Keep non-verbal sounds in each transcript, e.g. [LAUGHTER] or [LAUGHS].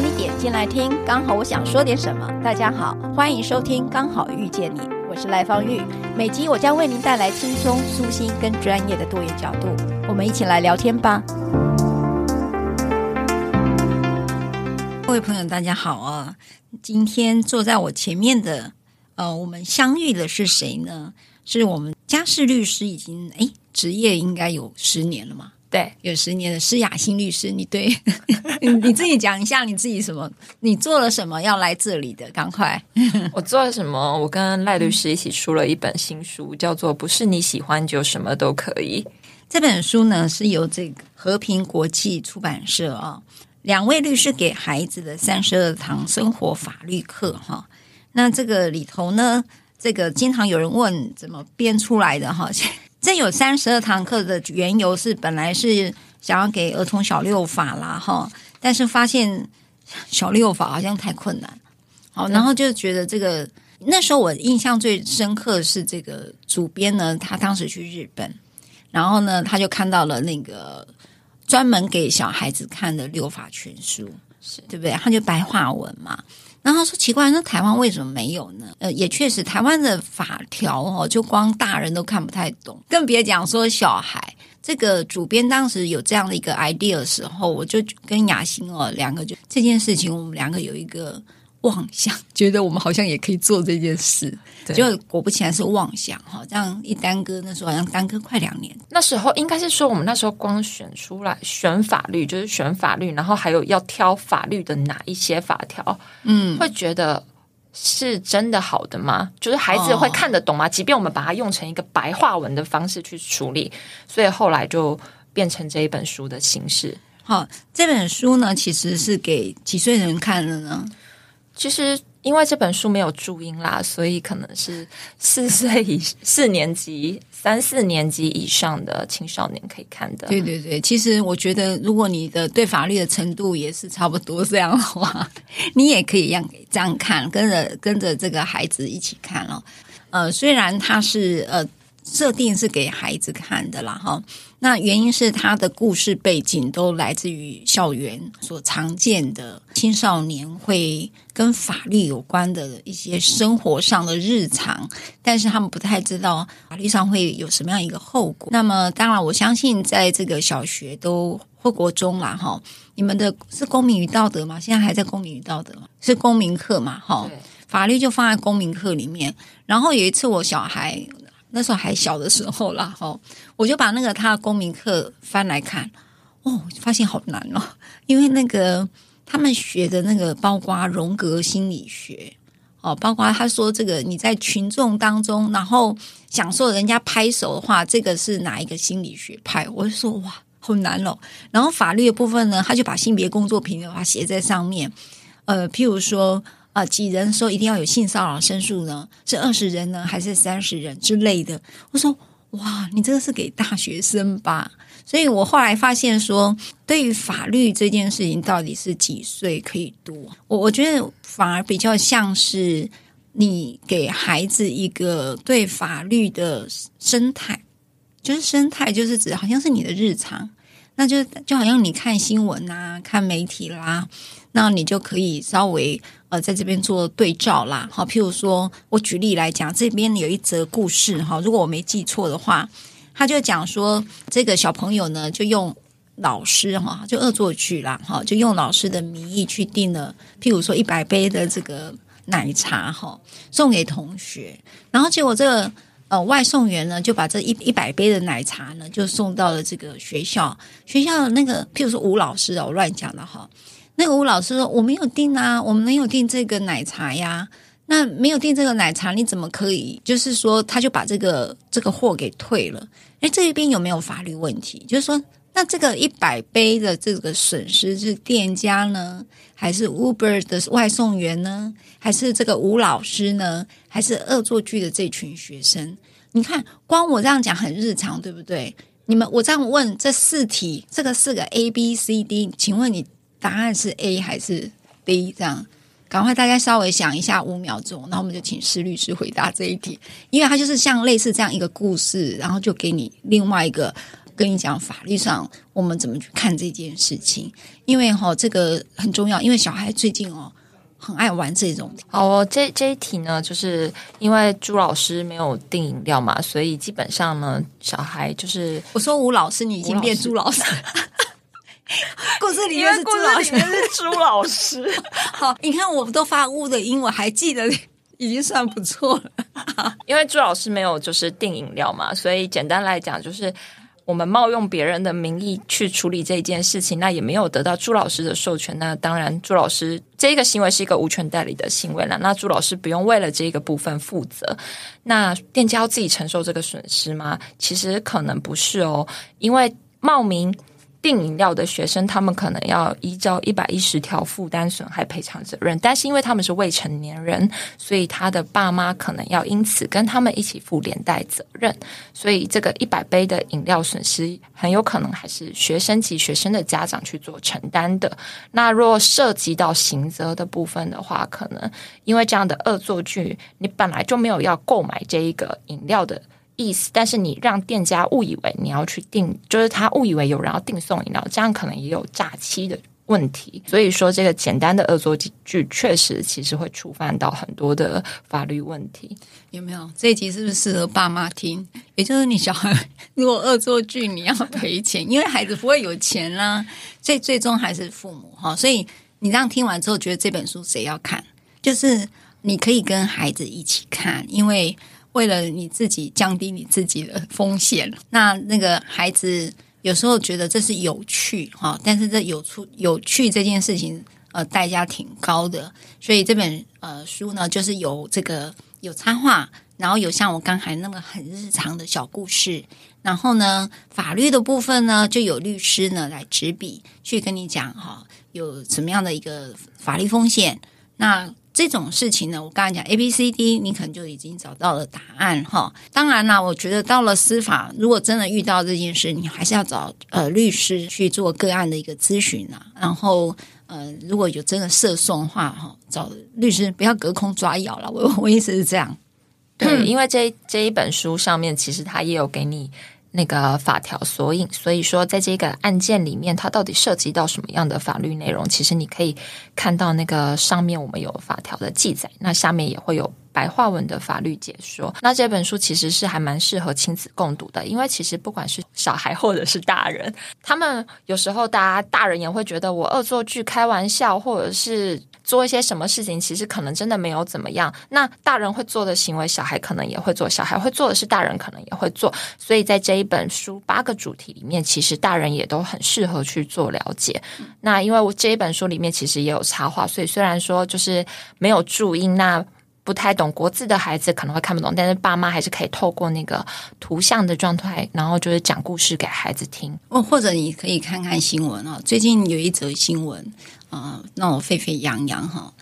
你點進來聽，剛好我想說點什麼。大家好，歡迎收聽《剛好遇見你》，我是賴芳玉。每集我將為您帶來輕鬆、舒心跟專業的多元角度，我們一起來聊天吧。各位朋友，大家好啊！今天坐在我前面的，呃，我們相遇的是誰呢？是我們家事律師，已經，哎，職業應該有十年了嗎？對，有十年的施雅馨律師，你對， [LAUGHS] 你自己講一下你自己什麼，你做了什麼要來這裡的？趕快， [LAUGHS] 我做了什麼？我跟賴律師一起出了一本新書，嗯、叫做《不是你喜歡就什麼都可以》。這本書呢，是由這個和平國際出版社啊、哦，兩位律師給孩子的三十二堂、嗯、生活法律課、哦。哈，那這個裡頭呢，這個經常有人問怎麼編出來的、哦？哈。這有三十二堂課的緣由是，本來是想要給兒童小六法啦哈，但是發現小六法好像太困難，好，對然後就覺得這個那時候我印象最深刻的是這個主編呢，他當時去日本，然後呢他就看到了那個專門給小孩子看的六法全書，對不對？他就白話文嘛。然後說奇怪，那台灣為什麼沒有呢？呃，也確實，台灣的法條哦，就光大人都看不太懂，更別講說小孩。這個主編當時有這樣的一個 idea 的時候，我就跟雅馨哦，兩個就這件事情，我們兩個有一個。妄想，覺得我們好像也可以做這件事，就果不其然是妄想好。這樣一耽擱，那時候好像耽擱快兩年。那時候應該是說，我們那時候光選出來選法律，就是選法律，然後還有要挑法律的哪一些法條，嗯，會覺得是真的好的嗎？就是孩子會看得懂嗎？哦、即便我們把它用成一個白話文的方式去處理，所以後來就變成這一本書的形式。好、哦，這本書呢，其實是給幾歲人看的呢？其實因為這本書沒有注音啦，所以可能是四歲以四年級、 [LAUGHS] 三四年級以上的青少年可以看的。對對對，其實我覺得，如果你的對法律的程度也是差不多這樣的話，你也可以讓這樣看，跟着跟着這個孩子一起看哦。呃，雖然它是呃設定是給孩子看的啦，哈。那原因是他的故事背景都來自於校園所常見的青少年會跟法律有關的一些生活上的日常，但是他們不太知道法律上會有什麼樣一個後果。那麼，當然我相信，在這個小學都或國中了哈，你們的是公民與道德嗎？現在還在公民與道德嗎？是公民課嘛？哈，法律就放在公民課裡面。然後有一次，我小孩。那時候還小的時候啦，哈，我就把那個他的公民課翻來看，哦，發現好難哦，因為那個他們學的那個包括榮格心理學哦，包括他說這個你在群眾當中，然後享受人家拍手的話，這個是哪一個心理學派？我就說哇，好難哦。然後法律的部分呢，他就把性別工作平等法寫在上面，呃，譬如說。啊、呃，幾人說一定要有性騷擾申訴呢？是二十人呢，還是三十人之類的？我說，哇，你這個是給大學生吧？所以我後來發現說，對於法律這件事情，到底是幾歲可以讀？我我覺得反而比較像是你給孩子一個對法律的生態，就是生態就是指好像是你的日常。那就就好像你看新聞啊，看媒體啦，那你就可以稍微呃在這邊做對照啦，好，譬如說我舉例來講，這邊有一則故事哈，如果我沒記錯的話，他就講說這個小朋友呢就用老師哈就惡作劇啦哈，就用老師的名義去訂了，譬如說一百杯的這個奶茶哈送給同學，然後結果這個。呃，外送員呢就把這一一百杯的奶茶呢就送到了這個學校，學校的那個譬如說吳老師哦，我亂講的哈，那個吳老師說我沒有訂啊，我們沒有訂這個奶茶呀，那沒有訂這個奶茶，你怎麼可以就是說他就把這個這個貨給退了？哎、欸，這一邊有沒有法律問題？就是說。那這個一百杯的這個損失是店家呢，還是 Uber 的外送員呢，還是這個吳老師呢，還是惡作劇的這群學生？你看，光我這樣講很日常，對不對？你們我這樣問這四題，這個四個 A B C D，請問你答案是 A 還是 B？這樣，趕快大家稍微想一下五秒鐘，然後我們就請施律師回答這一題，因為他就是像類似這樣一個故事，然後就給你另外一個。跟你講法律上我們怎麼去看這件事情，因為哈、哦、這個很重要，因為小孩最近哦很愛玩這種題。好，這這一題呢，就是因為朱老師沒有訂飲料嘛，所以基本上呢，小孩就是我說吳老師，你已經變朱老師了。老師 [LAUGHS] 故事裡面是朱老師。老師 [LAUGHS] 好，你看我都發烏烏的音，我還記得已經算不錯了。因為朱老師沒有就是訂飲料嘛，所以簡單來講就是。我們冒用別人的名義去處理這件事情，那也沒有得到朱老師的授權。那當然，朱老師這個行為是一個無權代理的行為了。那朱老師不用為了這個部分負責，那店家要自己承受這個損失嗎？其實可能不是哦，因為冒名。訂飲料的學生，他們可能要依照一百一十條負擔損害賠償責，責任，但是因為他們是未成年人，所以他的爸媽可能要因此跟他們一起負連帶責任。所以這個一百杯的飲料損失，很有可能還是學生及學生的家長去做承擔的。那如果涉及到刑責的部分的話，可能因為這樣的惡作劇，你本來就沒有要購買這一個飲料的。意思，但是你讓店家誤以為你要去訂，就是他誤以為有人要訂送飲料，這樣可能也有詐欺的問題。所以說，這個簡單的惡作劇確實其實會觸犯到很多的法律問題。有沒有這一集是不是適合爸媽聽？也就是你小孩如果惡作劇，你要賠錢， [LAUGHS] 因為孩子不會有錢啦、啊，所以最終還是父母哈、哦。所以你這樣聽完之後，覺得這本書誰要看？就是你可以跟孩子一起看，因為。為了你自己降低你自己的風險，那那個孩子有時候覺得這是有趣哈、哦，但是這有出有趣這件事情，呃，代價挺高的。所以這本呃書呢，就是有這個有插畫，然後有像我剛才那個很日常的小故事，然後呢，法律的部分呢，就有律師呢來執筆去跟你講哈、哦，有什麼樣的一個法律風險那。這種事情呢，我剛才講 A B C D，你可能就已經找到了答案哈、哦。當然啦，我覺得到了司法，如果真的遇到這件事，你還是要找呃律師去做個案的一個諮詢啊。然後、呃、如果有真的涉訟的話哈，找律師不要隔空抓藥了。我我意思是這樣，對，嗯、因為這這一本書上面其實他也有給你。那個法條索引，所以說在這個案件裡面，它到底涉及到什麼樣的法律內容？其實你可以看到那個上面我們有法條的記載，那下面也會有白話文的法律解說。那這本書其實是還蠻適合親子共讀的，因為其實不管是小孩或者是大人，他們有時候大家大人也會覺得我惡作劇、開玩笑，或者是。做一些什麼事情，其實可能真的沒有怎麼樣。那大人會做的行為，小孩可能也會做；小孩會做的事，大人可能也會做。所以在這一本書八個主題裡面，其實大人也都很適合去做了解。嗯、那因為我這一本書裡面其實也有插畫，所以雖然說就是沒有注音，那。不太懂國字的孩子可能會看不懂，但是爸媽還是可以透過那個圖像的狀態，然後就是講故事給孩子聽。哦，或者你可以看看新聞啊，最近有一則新聞啊，呃、鬧得沸沸揚揚哈，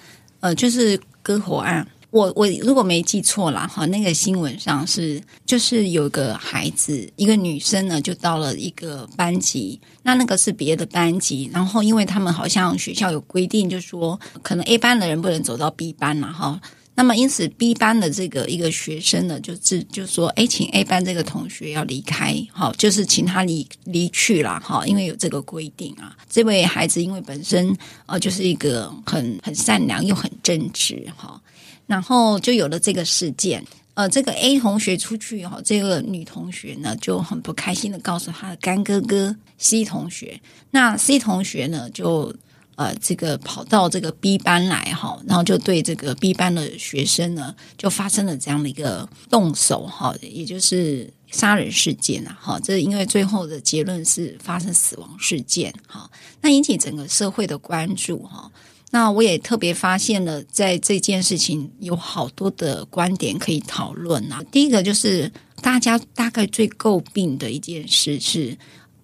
呃，就是割喉案。我我如果沒記錯了哈，那個新聞上是就是有個孩子，一個女生呢，就到了一個班級，那那個是別的班級，然後因為他們好像學校有規定，就說可能 A 班的人不能走到 B 班了哈。那麼，因此 B 班的這個一個學生呢，就自，就說，哎，請 A 班這個同學要離開，好，就是請他離離去啦，哈，因為有這個規定啊。這位孩子因為本身啊、呃，就是一個很很善良又很正直，哈，然後就有了這個事件。呃，這個 A 同學出去以後、哦，這個女同學呢就很不開心的告訴她的乾哥哥 C 同學，那 C 同學呢就。呃、啊，這個跑到這個 B 班來哈，然後就對這個 B 班的學生呢，就發生了這樣的一個動手哈，也就是殺人事件啊，哈，這因為最後的結論是發生死亡事件，哈，那引起整個社會的關注哈。那我也特別發現了，在這件事情有好多的觀點可以討論啊。第一個就是大家大概最詬病的一件事是，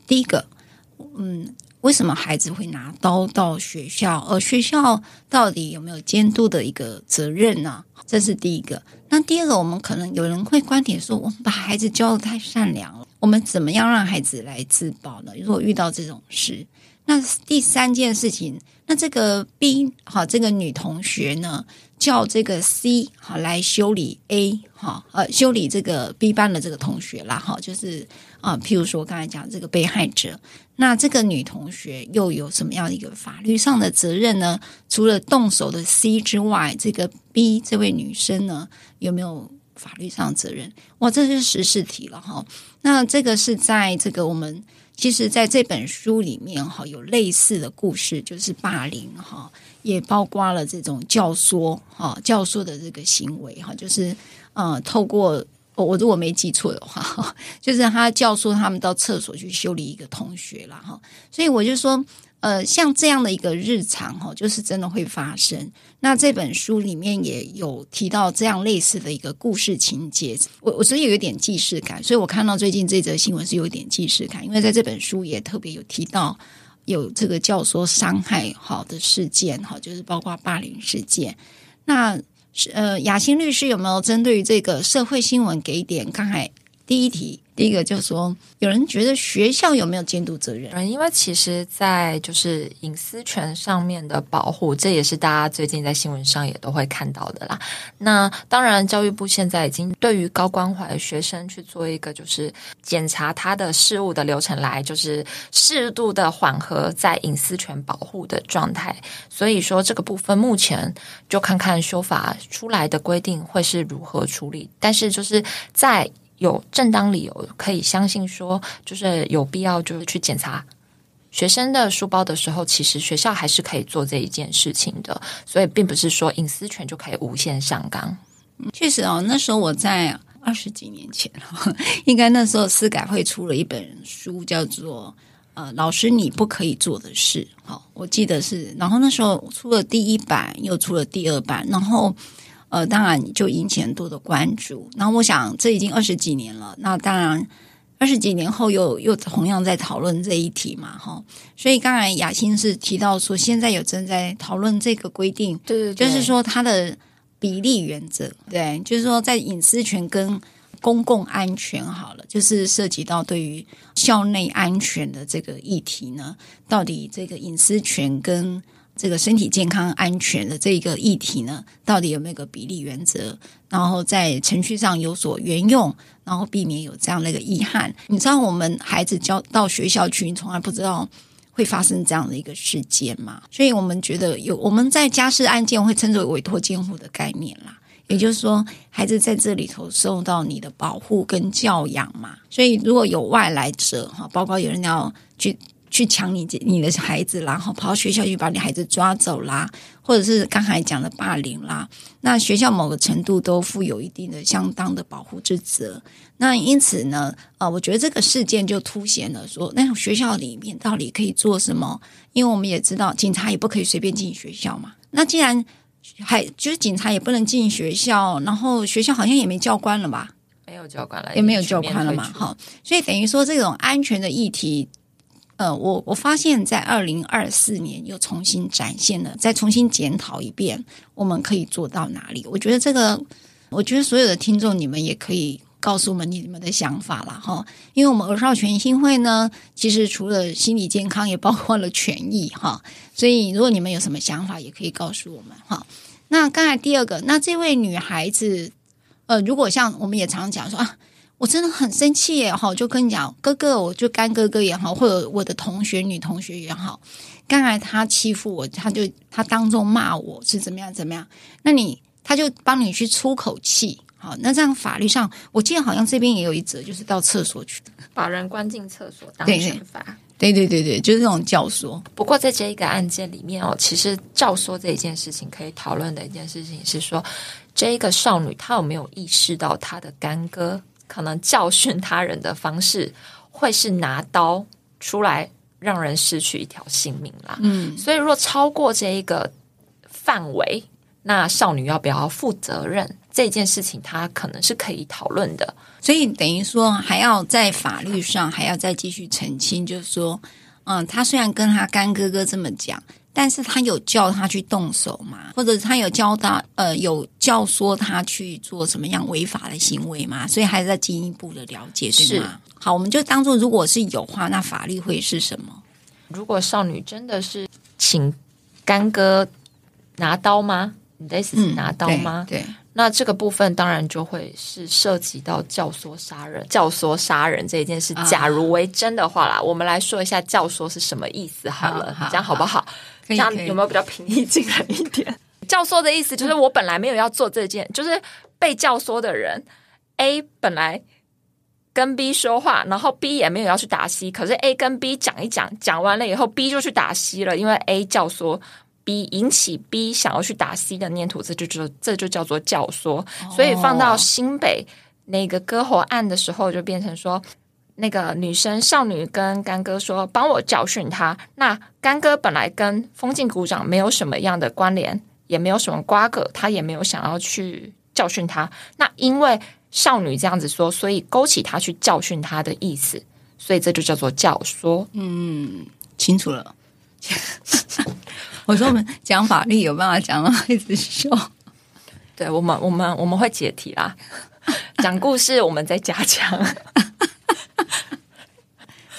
第一個，嗯。為什麼孩子會拿刀到學校？呃，學校到底有沒有監督的一個責任呢、啊？這是第一個。那第二個，我們可能有人會觀點說，我們把孩子教得太善良了，我們怎麼樣讓孩子來自保呢？如果遇到這種事？那第三件事情，那這個 B 好，這個女同學呢，叫這個 C 好來修理 A 哈，呃，修理這個 B 班的這個同學啦好，就是啊、呃，譬如說我剛才講這個被害者，那這個女同學又有什麼樣的一個法律上的責任呢？除了動手的 C 之外，這個 B 這位女生呢，有沒有法律上責任？哇，這是時事題了哈。那這個是在這個我們。其實，在這本書裡面，有類似的故事，就是霸凌，哈，也包括了這種教唆，哈，教唆的這個行為，哈，就是，透過我如果沒記錯的話，就是他教唆他們到廁所去修理一個同學，哈，所以我就說。呃，像這樣的一個日常哈、哦，就是真的會發生。那這本書裡面也有提到這樣類似的一個故事情節，我我所以有一點既視感。所以我看到最近這則新聞是有點既視感，因為在這本書也特別有提到有這個教唆傷害好的事件哈，就是包括霸凌事件。那呃，雅馨律師有沒有針對於這個社會新聞給一點？剛才。第一題，第一個就是說，有人覺得學校有沒有監督責任？嗯，因為其實，在就是隱私權上面的保護，這也是大家最近在新聞上也都會看到的啦。那當然，教育部現在已經對於高關懷的學生去做一個就是檢查他的事物的流程來，就是適度的緩和在隱私權保護的狀態。所以說，這個部分目前就看看修法出來的規定會是如何處理。但是就是在有正當理由可以相信說，就是有必要，就是去檢查學生的書包的時候，其實學校還是可以做這一件事情的。所以，並不是說隱私權就可以無限上綱。確實哦，那時候我在二十幾年前，應該那時候司改會出了一本書，叫做《呃，老師你不可以做的事》哦。好，我記得是，然後那時候出了第一版，又出了第二版，然後。呃，當然就引起很多的關注。那我想，這已經二十幾年了。那當然，二十幾年後又又同樣在討論這一題嘛，哈。所以剛才雅馨是提到說，現在有正在討論這個規定，對，對，對，就是說它的比例原則，對，就是說在隱私權跟公共安全，好了，就是涉及到對於校內安全的這個議題呢，到底這個隱私權跟。這個身體健康安全的這一個議題呢，到底有沒有個比例原則？然後在程序上有所援用，然後避免有這樣的一個遺憾。你知道，我們孩子交到學校去，你從來不知道會發生這樣的一個事件嘛。所以我們覺得有，我們在家事案件會稱之為委託監護的概念啦。也就是說，孩子在這裡頭受到你的保護跟教養嘛。所以如果有外來者哈，包括有人要去。去搶你，你的孩子，然後跑到學校去把你孩子抓走啦，或者是剛才講的霸凌啦，那學校某個程度都負有一定的相當的保護之責。那因此呢，呃，我覺得這個事件就凸顯了說，那學校裡面到底可以做什麼？因為我們也知道，警察也不可以隨便進學校嘛。那既然還就是警察也不能進學校，然後學校好像也沒教官了吧？沒有教官了，也沒有教官了嘛。哈，所以等於說這種安全的議題。呃，我我發現，在二零二四年又重新展現了，再重新檢討一遍，我們可以做到哪裡？我覺得這個，我覺得所有的聽眾，你們也可以告訴我們你們的想法了哈、哦。因為我們兒少權心會呢，其實除了心理健康，也包括了權益哈、哦。所以，如果你們有什麼想法，也可以告訴我們哈、哦。那剛才第二個，那這位女孩子，呃，如果像我們也常常講說啊。我真的很生氣耶！哈，就跟你講，哥哥，我就乾哥哥也好，或者我的同學、女同學也好，剛才他欺負我，他就他當眾罵我是怎麼樣怎麼樣？那你他就幫你去出口氣，好，那這樣法律上，我記得好像這邊也有一則，就是到廁所去把人關進廁所當群罰，對對,對對對，就是這種教唆。不過在這一個案件裡面哦，其實教唆這一件事情可以討論的一件事情是說，這一個少女她有沒有意識到她的乾哥？可能教訓他人的方式會是拿刀出來讓人失去一條性命啦。嗯，所以如果超過這一個範圍，那少女要不要負責任這件事情，他可能是可以討論的。所以等於說還要在法律上還要再繼續澄清，就是說，嗯，他雖然跟他乾哥哥這麼講。但是他有叫他去動手嗎？或者他有教他，呃、有教唆他去做什麼樣違法的行為嗎？所以還是在進一步的了解，對嗎？是。好，我們就當做如果是有話，那法律會是什麼？如果少女真的是請乾哥拿刀嗎？你的意思是拿刀嗎？對，對，那這個部分當然就會是涉及到教唆殺人，教唆殺人這一件事。嗯、假如為真的話啦，嗯、我們來說一下教唆是什麼意思，好了，這樣、嗯、好，好不好？嗯這樣有沒有比較平易近人一點？ [LAUGHS] 教唆的意思就是，我本來沒有要做這件， [LAUGHS] 就是被教唆的人 A 本來跟 B 說話，然後 B 也沒有要去打 C，可是 A 跟 B 講一講，講完了以後，B 就去打 C 了，因為 A 教唆 B，引起 B 想要去打 C 的念頭，這就，就這就叫做教唆。哦，所以放到新北那個割喉案的時候，就變成說。那個女生少女跟乾哥說：“幫我教訓他。”那乾哥本來跟風紀股長沒有什麼樣的關聯，也沒有什麼瓜葛，他也沒有想要去教訓他。那因為少女這樣子說，所以勾起他去教訓他的意思，所以這就叫做教唆。嗯，清楚了。 [LAUGHS] 我說我們講法律有辦法講了一直說，對我們，我們我們會解題啦， [LAUGHS] 講故事我們再加強。 [LAUGHS]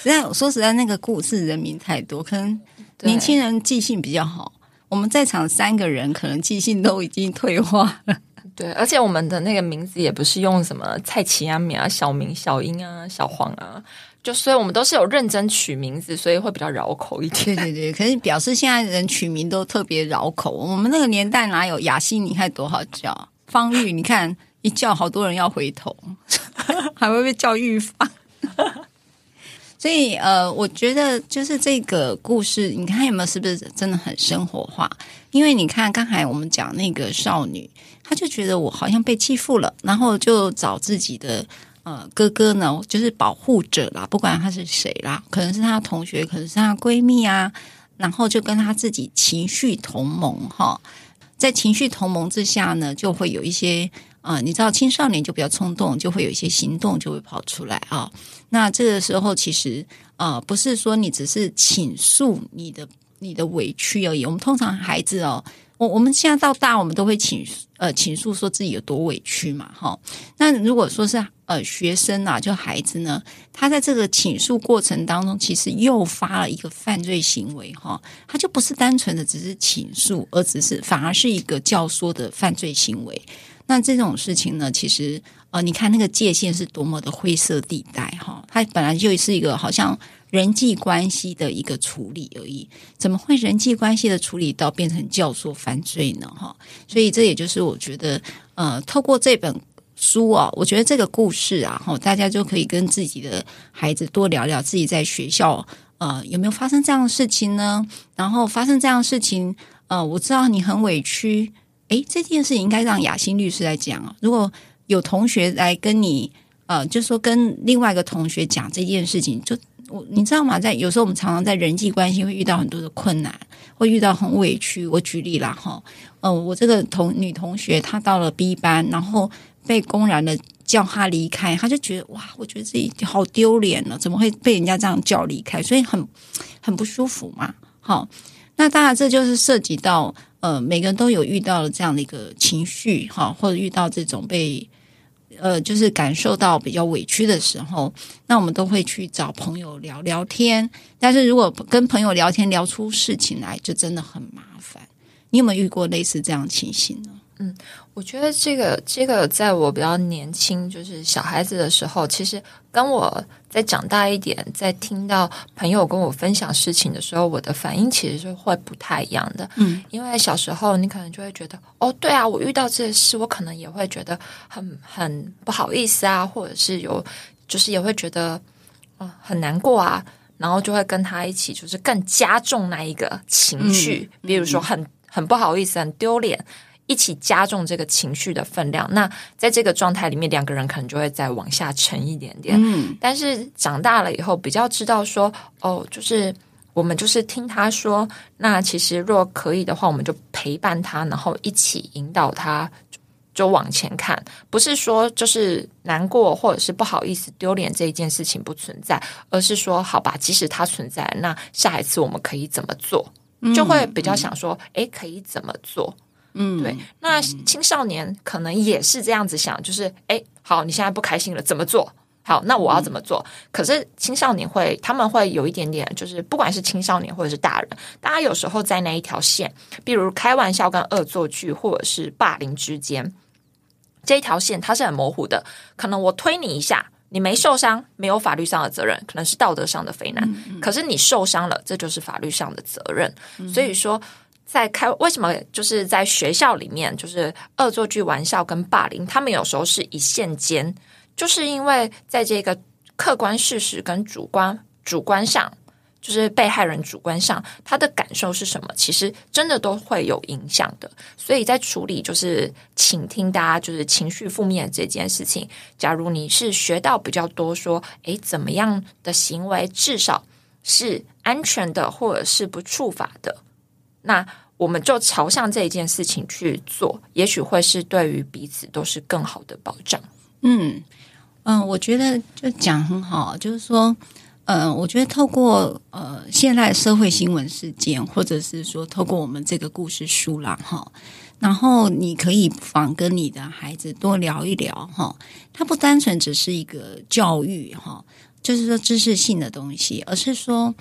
實在我說實在，那個故事人名太多，可能年輕人記性比較好。對我們在場三個人，可能記性都已經退化了。對，而且我們的那個名字也不是用什麼蔡琪、啊、明、啊、小明、小英啊、小黃啊，就所以我們都是有認真取名字，所以會比較繞口一點。對,對對，可是表示現在人取名都特別繞口。我們那個年代哪有雅馨你看多好叫芳玉，你看 [LAUGHS] 一叫好多人要回頭，還會被叫玉芳。 [LAUGHS] 所以呃，我覺得就是這個故事，你看有沒有是不是真的很生活化？因為你看剛才我們講那個少女，她就覺得我好像被欺負了，然後就找自己的呃哥哥呢，就是保護者啦，不管他是誰啦，可能是他同學，可能是他閨蜜啊，然後就跟他自己情緒同盟哈，在情緒同盟之下呢，就會有一些啊，你知道青少年就比較衝動，就會有一些行動，就會跑出來啊。那這個時候，其實啊、呃，不是說你只是傾訴你的你的委屈而已。我們通常孩子哦，我我們現在到大，我們都會傾呃傾訴說自己有多委屈嘛，哈、哦。那如果說是呃學生啊，就孩子呢，他在這個傾訴過程當中，其實誘發了一個犯罪行為，哈、哦，他就不是單純的只是傾訴，而只是反而是一個教唆的犯罪行為。那這種事情呢，其實呃，你看那個界限是多麼的灰色地帶哈，它本來就是一個好像人際關係的一個處理而已，怎麼會人際關係的處理到變成教唆犯罪呢哈？所以這也就是我覺得呃，透過這本書啊，我覺得這個故事啊，哈，大家就可以跟自己的孩子多聊聊自己在學校呃有沒有發生這樣的事情呢？然後發生這樣的事情，呃，我知道你很委屈。哎，這件事情應該讓雅馨律師來講，如果有同學來跟你，呃，就是、說跟另外一個同學講這件事情，就你知道嗎？在有時候我們常常在人際關係會遇到很多的困難，會遇到很委屈。我舉例了哈、哦，呃，我這個同女同學她到了 B 班，然後被公然的叫她離開，她就覺得哇，我覺得自己好丟臉了，怎麼會被人家這樣叫離開？所以很很不舒服嘛，好、哦。那當然，這就是涉及到呃，每個人都有遇到了這樣的一個情緒哈，或者遇到這種被呃，就是感受到比較委屈的時候，那我們都會去找朋友聊聊天。但是如果跟朋友聊天聊出事情來，就真的很麻煩。你有沒有遇過類似這樣情形呢？嗯，我覺得這個這個，在我比較年輕，就是小孩子的時候，其實跟我在長大一點，在聽到朋友跟我分享事情的時候，我的反應其實是會不太一樣的。嗯，因為小時候你可能就會覺得，哦，對啊，我遇到這些事，我可能也會覺得很很不好意思啊，或者是有，就是也會覺得，啊、呃，很難過啊，然後就會跟他一起，就是更加重那一個情緒，嗯嗯、比如說很很不好意思，很丟臉。一起加重這個情緒的分量。那在這個狀態裡面，兩個人可能就會再往下沉一點點。嗯，但是長大了以後，比較知道說，哦，就是我們就是聽他說，那其實若可以的話，我們就陪伴他，然後一起引導他就，就往前看。不是說就是難過或者是不好意思丟臉這一件事情不存在，而是說好吧，即使它存在，那下一次我們可以怎麼做？嗯、就會比較想說，哎、嗯，可以怎麼做。嗯，對。那青少年可能也是這樣子想，就是哎，好，你現在不開心了，怎麼做？好，那我要怎麼做？嗯、可是青少年會，他們會有一點點，就是不管是青少年或者是大人，大家有時候在那一條線，比如開玩笑跟惡作劇或者是霸凌之間，這一條線它是很模糊的。可能我推你一下，你沒受傷，沒有法律上的責任，可能是道德上的非難。嗯嗯、可是你受傷了，這就是法律上的責任。嗯、所以說。在開為什麼，就是在學校裡面，就是惡作劇玩笑跟霸凌，他們有時候是一線間，就是因為在這個客觀事實跟主觀主觀上，就是被害人主觀上他的感受是什麼，其實真的都會有影響的。所以在處理，就是傾聽大家就是情緒負面這件事情，假如你是學到比較多說，說誒，怎麼樣的行為至少是安全的或者是不觸法的。那我們就朝向這一件事情去做，也許會是對於彼此都是更好的保障。嗯嗯、呃，我覺得就講很好，就是說，呃，我覺得透過呃現在社會新聞事件，或者是說透過我們這個故事書啦，哈，然後你可以不妨跟你的孩子多聊一聊，哈，它不單純只是一個教育，哈，就是說知識性的東西，而是說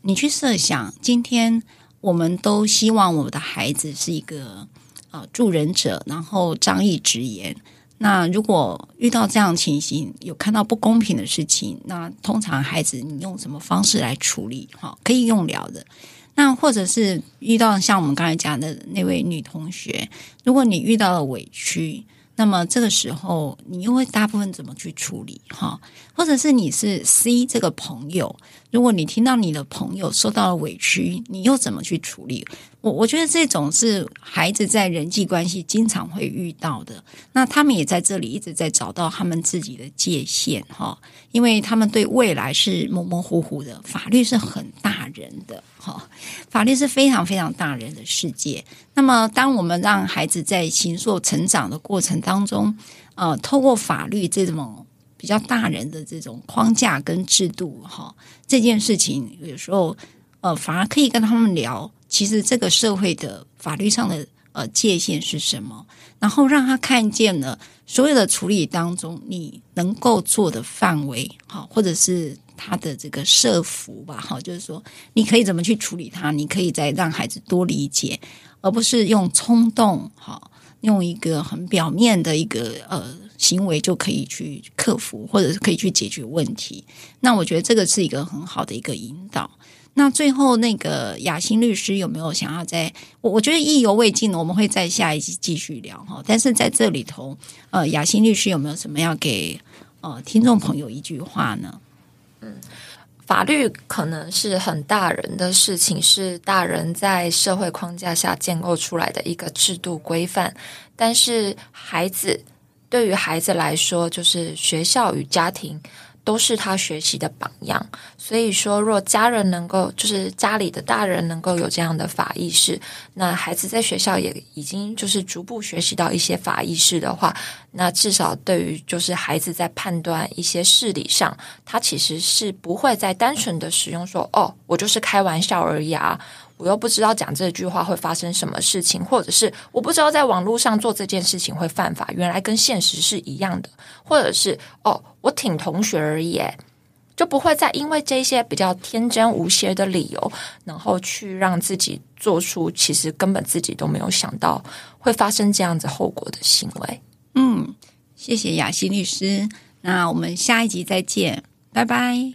你去設想今天。我們都希望我們的孩子是一個啊助人者，然後仗義執言。那如果遇到這樣的情形，有看到不公平的事情，那通常孩子你用什麼方式來處理？哈，可以用聊的，那或者是遇到像我們剛才講的那位女同學，如果你遇到了委屈。那麼這個時候，你又會大部分怎麼去處理哈？或者是你是 C 這個朋友，如果你聽到你的朋友受到了委屈，你又怎麼去處理？我覺得這種是孩子在人際關係經常會遇到的。那他們也在這裡一直在找到他們自己的界限，哈，因為他們對未來是模模糊糊的。法律是很大人的，哈，法律是非常非常大人的世界。那麼，當我們讓孩子在形塑成長的過程當中，呃，透過法律這種比較大人的這種框架跟制度，哈，這件事情有時候。呃，反而可以跟他們聊，其實這個社會的法律上的呃界限是什麼，然後讓他看見了所有的處理當中你能夠做的範圍，好、哦，或者是他的這個設伏吧，好、哦，就是說你可以怎麼去處理他，你可以再讓孩子多理解，而不是用衝動，好、哦，用一個很表面的一個呃行為就可以去克服，或者是可以去解決問題。那我覺得這個是一個很好的一個引導。那最後，那個雅馨律師有沒有想要再？我我覺得意猶未盡呢。我們會在下一集繼續聊哈。但是在這裡頭，呃，雅馨律師有沒有什麼要給呃聽眾朋友一句話呢？嗯，法律可能是很大人的事情，是大人在社會框架下建構出來的一個制度規範。但是孩子，對於孩子來說，就是學校與家庭。都是他學習的榜樣，所以說，若家人能夠，就是家裡的大人能夠有這樣的法意識，那孩子在學校也已經就是逐步學習到一些法意識的話，那至少對於就是孩子在判斷一些事理上，他其實是不會再單純的使用說“哦，我就是開玩笑而已啊”。我又不知道講這句話會發生什麼事情，或者是我不知道在網絡上做這件事情會犯法，原來跟現實是一樣的，或者是哦，我挺同學而已，就不會再因為這些比較天真無邪的理由，然後去讓自己做出其實根本自己都沒有想到會發生這樣子後果的行為。嗯，謝謝雅馨律師，那我們下一集再見，拜拜。